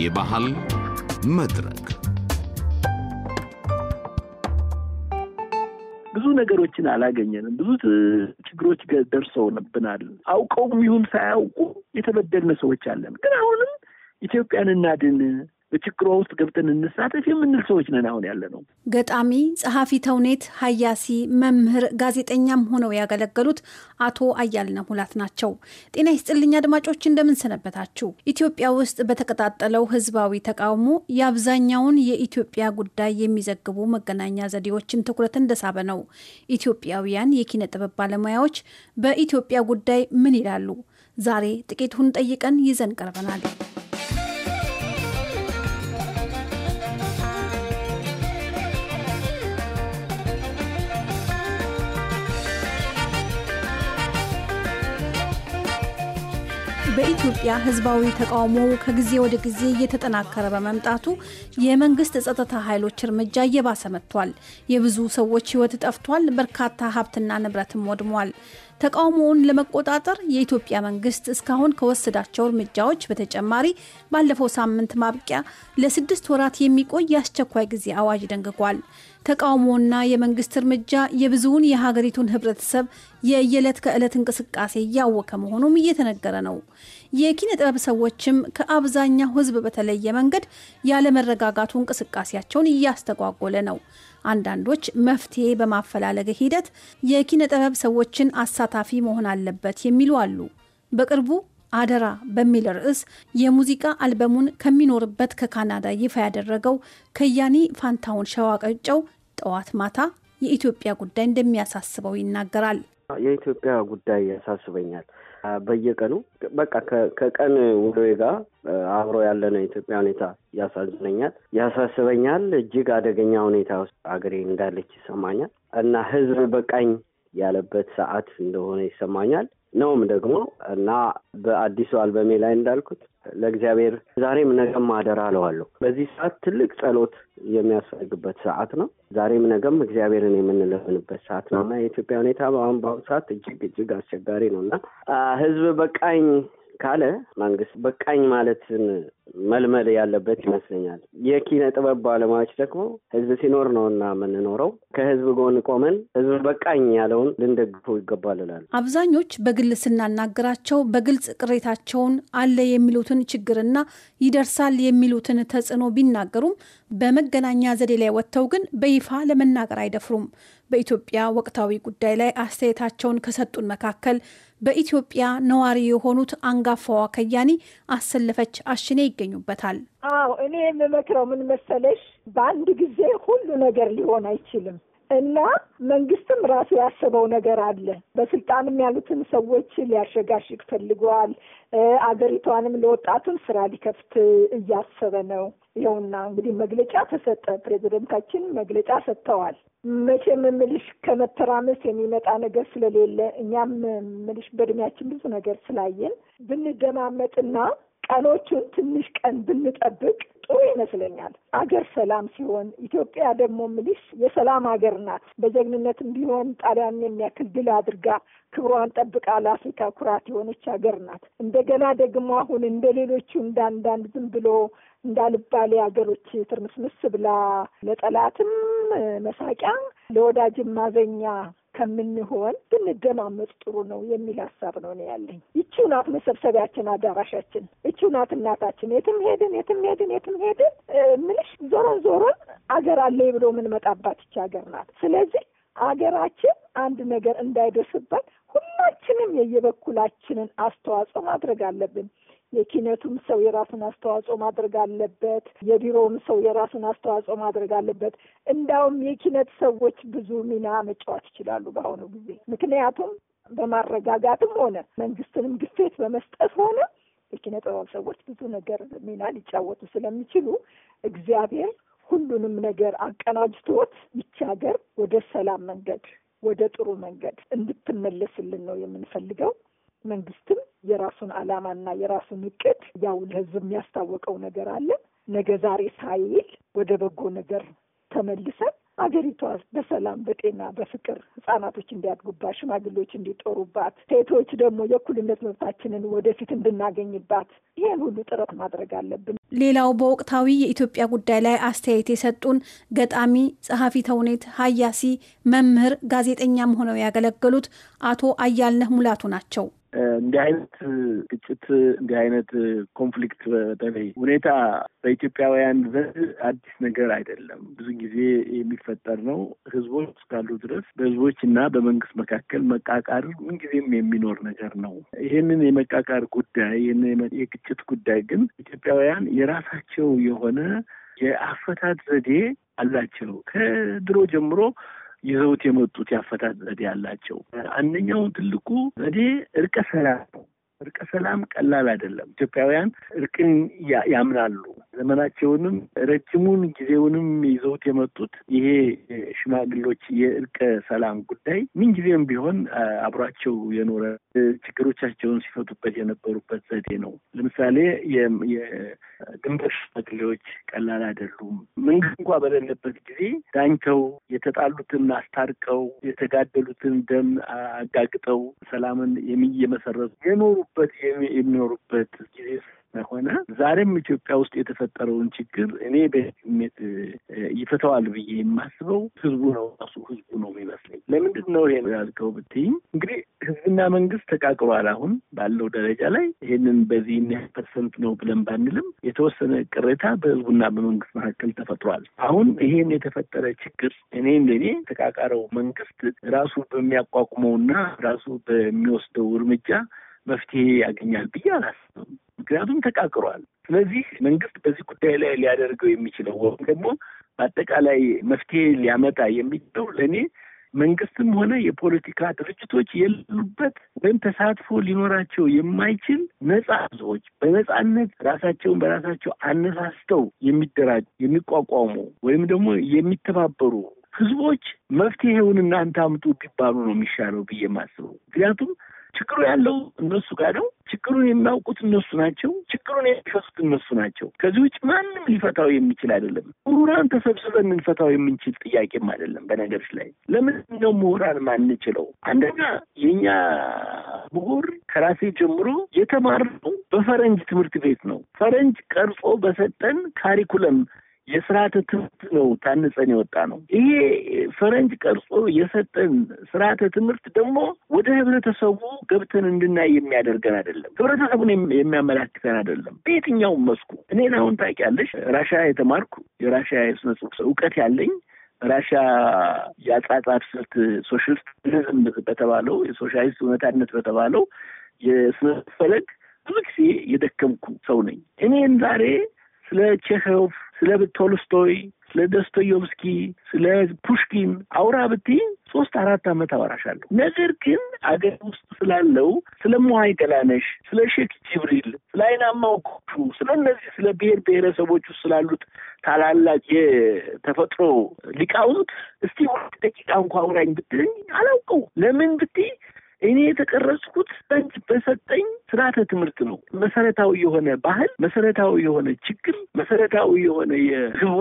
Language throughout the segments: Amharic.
የባህል መድረክ ብዙ ነገሮችን አላገኘንም። ብዙ ችግሮች ደርሰውብናል። አውቀውም ይሁን ሳያውቁ የተበደልነ ሰዎች አለን። ግን አሁንም ኢትዮጵያን እናድን በችግሯ ውስጥ ገብተን እንሳተፍ የምንል ሰዎች ነን አሁን ያለ ነው። ገጣሚ፣ ጸሐፊ ተውኔት፣ ሀያሲ፣ መምህር፣ ጋዜጠኛም ሆነው ያገለገሉት አቶ አያልነ ሁላት ናቸው። ጤና ይስጥልኝ አድማጮች፣ ሰነበታችሁ? ኢትዮጵያ ውስጥ በተቀጣጠለው ህዝባዊ ተቃውሞ የአብዛኛውን የኢትዮጵያ ጉዳይ የሚዘግቡ መገናኛ ዘዴዎችን ትኩረት እንደሳበ ነው። ኢትዮጵያውያን የኪነ ጥበብ ባለሙያዎች በኢትዮጵያ ጉዳይ ምን ይላሉ? ዛሬ ጥቂቱን ጠይቀን ይዘን ቀርበናል። በኢትዮጵያ ህዝባዊ ተቃውሞ ከጊዜ ወደ ጊዜ እየተጠናከረ በመምጣቱ የመንግስት ጸጥታ ኃይሎች እርምጃ እየባሰ መጥቷል። የብዙ ሰዎች ህይወት ጠፍቷል። በርካታ ሀብትና ንብረትም ወድሟል። ተቃውሞውን ለመቆጣጠር የኢትዮጵያ መንግስት እስካሁን ከወሰዳቸው እርምጃዎች በተጨማሪ ባለፈው ሳምንት ማብቂያ ለስድስት ወራት የሚቆይ የአስቸኳይ ጊዜ አዋጅ ደንግጓል። ተቃውሞና የመንግስት እርምጃ የብዙውን የሀገሪቱን ህብረተሰብ የየዕለት ከዕለት እንቅስቃሴ እያወከ መሆኑም እየተነገረ ነው። የኪነ ጥበብ ሰዎችም ከአብዛኛው ህዝብ በተለየ መንገድ ያለመረጋጋቱ እንቅስቃሴያቸውን እያስተጓጎለ ነው። አንዳንዶች መፍትሄ በማፈላለግ ሂደት የኪነ ጥበብ ሰዎችን አሳታፊ መሆን አለበት የሚሉ አሉ። በቅርቡ አደራ በሚል ርዕስ የሙዚቃ አልበሙን ከሚኖርበት ከካናዳ ይፋ ያደረገው ከያኒ ፋንታውን ሸዋቀጨው ጠዋት ማታ የኢትዮጵያ ጉዳይ እንደሚያሳስበው ይናገራል። የኢትዮጵያ ጉዳይ ያሳስበኛል። በየቀኑ በቃ ከቀን ውሎዬ ጋር አብሮ ነው። የኢትዮጵያ ሁኔታ ያሳዝነኛል፣ ያሳስበኛል። እጅግ አደገኛ ሁኔታ ውስጥ አገሬ እንዳለች ይሰማኛል እና ህዝብ በቃኝ ያለበት ሰዓት እንደሆነ ይሰማኛል። ነውም ደግሞ እና በአዲሱ አልበሜ ላይ እንዳልኩት ለእግዚአብሔር ዛሬም ነገም አደራ አለዋለሁ። በዚህ ሰዓት ትልቅ ጸሎት የሚያስፈልግበት ሰዓት ነው። ዛሬም ነገም እግዚአብሔርን የምንለምንበት ሰዓት ነው እና የኢትዮጵያ ሁኔታ በአሁን በአሁኑ ሰዓት እጅግ እጅግ አስቸጋሪ ነው እና ህዝብ በቃኝ ካለ መንግስት በቃኝ ማለትን መልመል ያለበት ይመስለኛል። የኪነ ጥበብ ባለሙያዎች ደግሞ ህዝብ ሲኖር ነው እና የምንኖረው ከህዝብ ጎን ቆመን ህዝብ በቃኝ ያለውን ልንደግፈው ይገባል ይላሉ። አብዛኞች በግል ስናናገራቸው በግልጽ ቅሬታቸውን አለ የሚሉትን ችግርና ይደርሳል የሚሉትን ተጽዕኖ ቢናገሩም በመገናኛ ዘዴ ላይ ወጥተው ግን በይፋ ለመናገር አይደፍሩም። በኢትዮጵያ ወቅታዊ ጉዳይ ላይ አስተያየታቸውን ከሰጡን መካከል በኢትዮጵያ ነዋሪ የሆኑት አንጋፋዋ ከያኒ አሰለፈች አሽኔ ይገኙበታል። አዎ እኔ የምመክረው ምን መሰለሽ፣ በአንድ ጊዜ ሁሉ ነገር ሊሆን አይችልም እና መንግስትም ራሱ ያሰበው ነገር አለ። በስልጣንም ያሉትን ሰዎች ሊያሸጋሽግ ፈልገዋል አገሪቷንም ለወጣቱም ስራ ሊከፍት እያሰበ ነው። ይኸውና እንግዲህ መግለጫ ተሰጠ። ፕሬዚደንታችን መግለጫ ሰጥተዋል። መቼም ምልሽ ከመተራመስ የሚመጣ ነገር ስለሌለ እኛም ምልሽ በእድሜያችን ብዙ ነገር ስላየን ብንደማመጥና ቀኖቹን ትንሽ ቀን ብንጠብቅ ጥሩ ይመስለኛል። አገር ሰላም ሲሆን ኢትዮጵያ ደግሞ ምልሽ የሰላም ሀገር ናት። በጀግንነትም ቢሆን ጣሊያንን የሚያክል ድል አድርጋ ክብሯን ጠብቃ ለአፍሪካ ኩራት የሆነች ሀገር ናት። እንደገና ደግሞ አሁን እንደ ሌሎቹ እንዳንዳንድ ዝም ብሎ እንዳልባሌ ሀገሮች ትርምስምስ ብላ ለጠላትም መሳቂያ ለወዳጅም ማዘኛ ከምንሆን ብንደማመጥ ጥሩ ነው የሚል ሀሳብ ነው ነው ያለኝ። ይቺው ናት መሰብሰቢያችን፣ አዳራሻችን ይቺው ናት እናታችን። የትም ሄድን የትም ሄድን የትም ሄድን ምንሽ ዞረን ዞረን አገር አለ ብሎ የምንመጣባት ይቺ ሀገር ናት። ስለዚህ አገራችን አንድ ነገር እንዳይደርስባት ሁላችንም የየበኩላችንን አስተዋጽኦ ማድረግ አለብን። የኪነቱም ሰው የራሱን አስተዋጽኦ ማድረግ አለበት። የቢሮውም ሰው የራሱን አስተዋጽኦ ማድረግ አለበት። እንዳውም የኪነት ሰዎች ብዙ ሚና መጫወት ይችላሉ በአሁኑ ጊዜ ምክንያቱም በማረጋጋትም ሆነ መንግስትንም ግፊት በመስጠት ሆነ የኪነ ጥበብ ሰዎች ብዙ ነገር ሚና ሊጫወቱ ስለሚችሉ እግዚአብሔር ሁሉንም ነገር አቀናጅቶት ይቺ ሀገር ወደ ሰላም መንገድ ወደ ጥሩ መንገድ እንድትመለስልን ነው የምንፈልገው። መንግስትም የራሱን ዓላማና የራሱን እቅድ ያው ለህዝብ የሚያስታወቀው ነገር አለ። ነገ ዛሬ ሳይል ወደ በጎ ነገር ተመልሰን አገሪቷ በሰላም በጤና በፍቅር ህጻናቶች እንዲያድጉባት፣ ሽማግሌዎች እንዲጦሩባት፣ ሴቶች ደግሞ የእኩልነት መብታችንን ወደፊት እንድናገኝባት ይህን ሁሉ ጥረት ማድረግ አለብን። ሌላው በወቅታዊ የኢትዮጵያ ጉዳይ ላይ አስተያየት የሰጡን ገጣሚ፣ ጸሐፊ ተውኔት፣ ሀያሲ፣ መምህር፣ ጋዜጠኛም ሆነው ያገለገሉት አቶ አያልነህ ሙላቱ ናቸው። እንዲህ አይነት ግጭት እንዲህ አይነት ኮንፍሊክት በተለይ ሁኔታ በኢትዮጵያውያን ዘንድ አዲስ ነገር አይደለም። ብዙ ጊዜ የሚፈጠር ነው። ህዝቦች እስካሉ ድረስ በህዝቦች እና በመንግስት መካከል መቃቃር ምንጊዜም የሚኖር ነገር ነው። ይህንን የመቃቃር ጉዳይ የግጭት ጉዳይ ግን ኢትዮጵያውያን የራሳቸው የሆነ የአፈታት ዘዴ አላቸው ከድሮ ጀምሮ ይዘውት የመጡት ያፈታት ዘዴ አላቸው። አንደኛው ትልቁ ዘዴ እርቀ ሰላም ነው። እርቀ ሰላም ቀላል አይደለም። ኢትዮጵያውያን እርቅን ያምናሉ። ዘመናቸውንም ረጅሙን ጊዜውንም ይዘውት የመጡት ይሄ ሽማግሎች የእርቀ ሰላም ጉዳይ ምንጊዜም ቢሆን አብሯቸው የኖረ ችግሮቻቸውን ሲፈቱበት የነበሩበት ዘዴ ነው። ለምሳሌ የድንበር ሽማግሌዎች ቀላል አይደሉም። መንግስት እንኳ በሌለበት ጊዜ ዳኝተው የተጣሉትን አስታርቀው የተጋደሉትን ደም አጋግጠው ሰላምን የመሰረቱ የኖሩበት የሚኖሩበት ጊዜ ሆነ ዛሬም ኢትዮጵያ ውስጥ የተፈጠረውን ችግር እኔ ይፈተዋል ብዬ የማስበው ህዝቡ ነው ራሱ ህዝቡ ነው የሚመስለኝ። ለምንድን ነው ይሄ ያልከው ብትይኝ እንግዲህ ህዝብና መንግስት ተቃቅሯል። አሁን ባለው ደረጃ ላይ ይሄንን በዚህ ፐርሰንት ነው ብለን ባንልም የተወሰነ ቅሬታ በህዝቡና በመንግስት መካከል ተፈጥሯል። አሁን ይሄን የተፈጠረ ችግር እኔ እንደኔ ተቃቃረው መንግስት ራሱ በሚያቋቁመውና ራሱ በሚወስደው እርምጃ መፍትሄ ያገኛል ብዬ አላስብም። ምክንያቱም ተቃቅሯል። ስለዚህ መንግስት በዚህ ጉዳይ ላይ ሊያደርገው የሚችለው ወይም ደግሞ በአጠቃላይ መፍትሄ ሊያመጣ የሚችለው ለእኔ መንግስትም ሆነ የፖለቲካ ድርጅቶች የሌሉበት ወይም ተሳትፎ ሊኖራቸው የማይችል ነጻ ህዝቦች በነጻነት ራሳቸውን በራሳቸው አነሳስተው የሚደራጅ የሚቋቋሙ ወይም ደግሞ የሚተባበሩ ህዝቦች መፍትሄውን እናንተ አምጡ ቢባሉ ነው የሚሻለው ብዬ የማስበው። ምክንያቱም ችግሩ ያለው እነሱ ጋር ነው። ችግሩን የሚያውቁት እነሱ ናቸው። ችግሩን የሚፈቱት እነሱ ናቸው። ከዚህ ውጭ ማንም ሊፈታው የሚችል አይደለም። ምሁራን ተሰብስበን ልንፈታው የምንችል ጥያቄም አይደለም። በነገሮች ላይ ለምንድን ነው ምሁራን ማንችለው? አንደኛ የኛ ምሁር ከራሴ ጀምሮ የተማርነው በፈረንጅ ትምህርት ቤት ነው። ፈረንጅ ቀርጾ በሰጠን ካሪኩለም የስርዓተ ትምህርት ነው ታንጸን የወጣ ነው። ይሄ ፈረንጅ ቀርጾ የሰጠን ስርዓተ ትምህርት ደግሞ ወደ ህብረተሰቡ ገብተን እንድናይ የሚያደርገን አይደለም። ህብረተሰቡን የሚያመላክተን አይደለም። በየትኛውም መስኩ እኔን አሁን ታውቂያለሽ፣ ራሻ የተማርኩ የራሻ የስነ ጽሁፍ እውቀት ያለኝ ራሻ የአጻጻፍ ስልት ሶሻሊዝም በተባለው የሶሻሊስት እውነታነት በተባለው የስነ ፈለግ ብዙ ጊዜ የደከምኩ ሰው ነኝ። እኔን ዛሬ ስለ ቼኸውፍ ስለ ቶልስቶይ፣ ስለ ዶስቶዮቭስኪ፣ ስለ ፑሽኪን አውራ ብቲ ሶስት አራት ዓመት አወራሻለሁ። ነገር ግን አገር ውስጥ ስላለው ስለ ሙሀይ ገላነሽ፣ ስለ ሼክ ጅብሪል፣ ስለ አይናማው ኮቹ፣ ስለ እነዚህ ስለ ብሔር ብሔረሰቦች ውስጥ ስላሉት ታላላቅ የተፈጥሮ ሊቃውንት እስቲ ደቂቃ እንኳ አውራኝ ብትለኝ አላውቀው። ለምን ብትይ እኔ የተቀረጽኩት ጠጅ በሰጠኝ ስርዓተ ትምህርት ነው። መሰረታዊ የሆነ ባህል፣ መሰረታዊ የሆነ ችግር፣ መሰረታዊ የሆነ የህቡ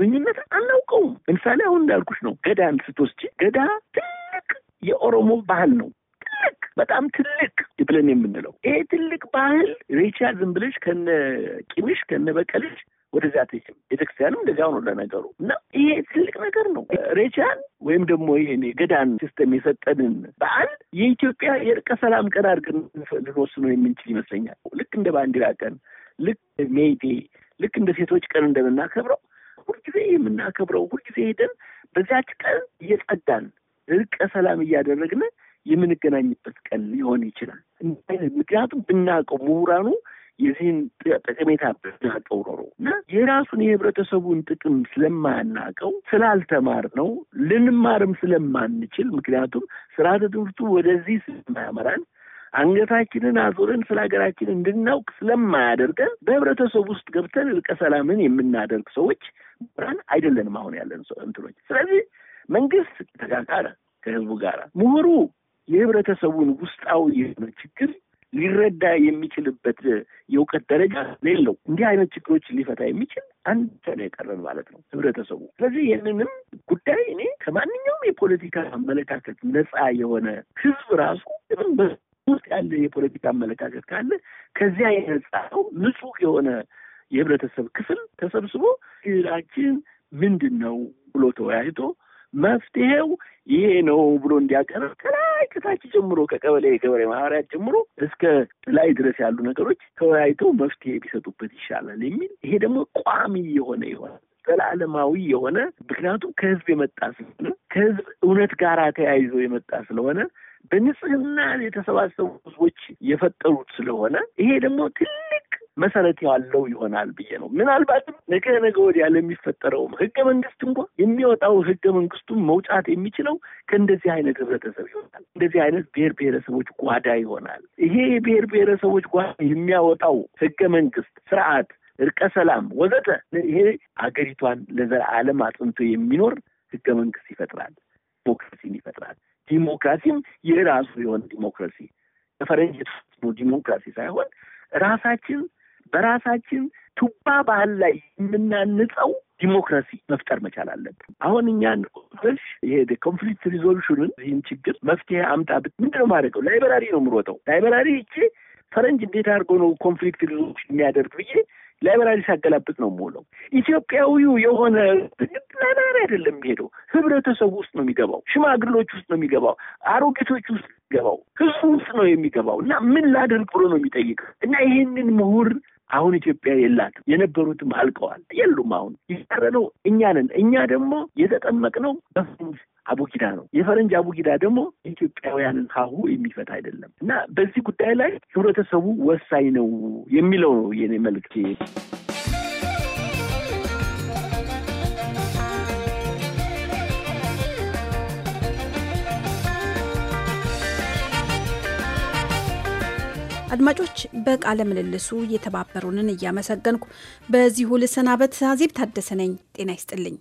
ግንኙነት አናውቀውም። ለምሳሌ አሁን እንዳልኩሽ ነው። ገዳን ስትወስጂ ገዳ ትልቅ የኦሮሞ ባህል ነው። ትልቅ በጣም ትልቅ ብለን የምንለው ይሄ ትልቅ ባህል ሬቻ ዝም ብለሽ ከነ ቂምሽ ከነ በቀልሽ ወደዚያ አትሄጂም። ቤተክርስቲያንም እንደዚያው ነው ለነገሩ እና ይሄ ትልቅ ነገር ነው። ሬቻን ወይም ደግሞ ይህን የገዳን ሲስተም የሰጠንን በዓል የኢትዮጵያ የእርቀ ሰላም ቀን አድርገን ልንወስነው የምንችል ይመስለኛል። ልክ እንደ ባንዲራ ቀን፣ ልክ ሜይቴ፣ ልክ እንደ ሴቶች ቀን እንደምናከብረው ሁልጊዜ የምናከብረው ሁልጊዜ ሄደን በዚያች ቀን እየጸዳን እርቀ ሰላም እያደረግን የምንገናኝበት ቀን ሊሆን ይችላል። ምክንያቱም ብናውቀው ምሁራኑ የዚህን ጠቀሜታ ብናቀው ኖሮ እና የራሱን የህብረተሰቡን ጥቅም ስለማናቀው ስላልተማር ነው ልንማርም ስለማንችል ምክንያቱም ስርዓተ ትምህርቱ ወደዚህ ስለማያመራን አንገታችንን አዞረን ስለ ሀገራችን እንድናውቅ ስለማያደርገን በህብረተሰቡ ውስጥ ገብተን እልቀ ሰላምን የምናደርግ ሰዎች ብራን አይደለንም አሁን ያለን እንትኖች። ስለዚህ መንግስት ተጋጋረ ከህዝቡ ጋር ምሁሩ የህብረተሰቡን ውስጣዊ የሆነ ችግር ሊረዳ የሚችልበት የእውቀት ደረጃ ሌለው እንዲህ አይነት ችግሮችን ሊፈታ የሚችል አንድ ነው የቀረን ማለት ነው ህብረተሰቡ። ስለዚህ ይህንንም ጉዳይ እኔ ከማንኛውም የፖለቲካ አመለካከት ነፃ የሆነ ህዝብ ራሱ ውስጥ ያለ የፖለቲካ አመለካከት ካለ ከዚያ የነጻው ንጹህ የሆነ የህብረተሰብ ክፍል ተሰብስቦ ችግራችን ምንድን ነው ብሎ ተወያይቶ መፍትሄው ይሄ ነው ብሎ እንዲያቀርብ ከላይ ከታች ጀምሮ ከቀበሌ የገበሬ ማህበሪያት ጀምሮ እስከ ላይ ድረስ ያሉ ነገሮች ተወያይተው መፍትሄ ቢሰጡበት ይሻላል የሚል ይሄ ደግሞ ቋሚ የሆነ ይሆናል ዘላለማዊ የሆነ ምክንያቱም ከህዝብ የመጣ ስለሆነ ከህዝብ እውነት ጋር ተያይዞ የመጣ ስለሆነ በንጽህና የተሰባሰቡ ህዝቦች የፈጠሩት ስለሆነ ይሄ ደግሞ ትልቅ መሰረት ያለው ይሆናል ብዬ ነው። ምናልባትም ነገ ነገ ወዲያ ለሚፈጠረውም ህገ መንግስት እንኳ የሚወጣው ህገ መንግስቱን መውጫት የሚችለው ከእንደዚህ አይነት ህብረተሰብ ይሆናል። እንደዚህ አይነት ብሔር ብሔረሰቦች ጓዳ ይሆናል። ይሄ የብሔር ብሔረሰቦች ጓዳ የሚያወጣው ህገ መንግስት ስርዓት፣ እርቀ ሰላም ወዘተ ይሄ ሀገሪቷን አለም አጥንቶ የሚኖር ህገ መንግስት ይፈጥራል። ዲሞክራሲን ይፈጥራል። ዲሞክራሲም የራሱ የሆነ ዲሞክራሲ በፈረንጅ ዲሞክራሲ ሳይሆን ራሳችን በራሳችን ቱባ ባህል ላይ የምናንጸው ዲሞክራሲ መፍጠር መቻል አለብን። አሁን እኛ ንቆሽ ይሄ ኮንፍሊክት ሪዞሉሽኑን ይህን ችግር መፍትሄ አምጣ ብት ምንድን ነው ማድረገው? ላይበራሪ ነው የምሮጠው። ላይበራሪ እቼ ፈረንጅ እንዴት አድርጎ ነው ኮንፍሊክት ሪዞሉሽን የሚያደርግ ብዬ ላይበራሪ ሲያገላብጥ ነው የምውለው። ኢትዮጵያዊው የሆነ ላይበራሪ አይደለም የሚሄደው፣ ህብረተሰቡ ውስጥ ነው የሚገባው፣ ሽማግሎች ውስጥ ነው የሚገባው፣ አሮጌቶች ውስጥ የሚገባው፣ ህዝቡ ውስጥ ነው የሚገባው እና ምን ላደርግ ብሎ ነው የሚጠይቅ እና ይህንን ምሁር አሁን ኢትዮጵያ የላትም። የነበሩትም አልቀዋል፣ የሉም። አሁን የቀረነው እኛ ነን። እኛ ደግሞ የተጠመቅነው በፈረንጅ አቡጊዳ ነው። የፈረንጅ አቡጊዳ ደግሞ ኢትዮጵያውያንን ሀሁ የሚፈታ አይደለም እና በዚህ ጉዳይ ላይ ህብረተሰቡ ወሳኝ ነው የሚለው ነው የኔ መልእክቴ። አድማጮች በቃለ ምልልሱ እየተባበሩንን እያመሰገንኩ በዚሁ ልሰናበት። አዜብ ታደሰ ነኝ። ጤና ይስጥልኝ።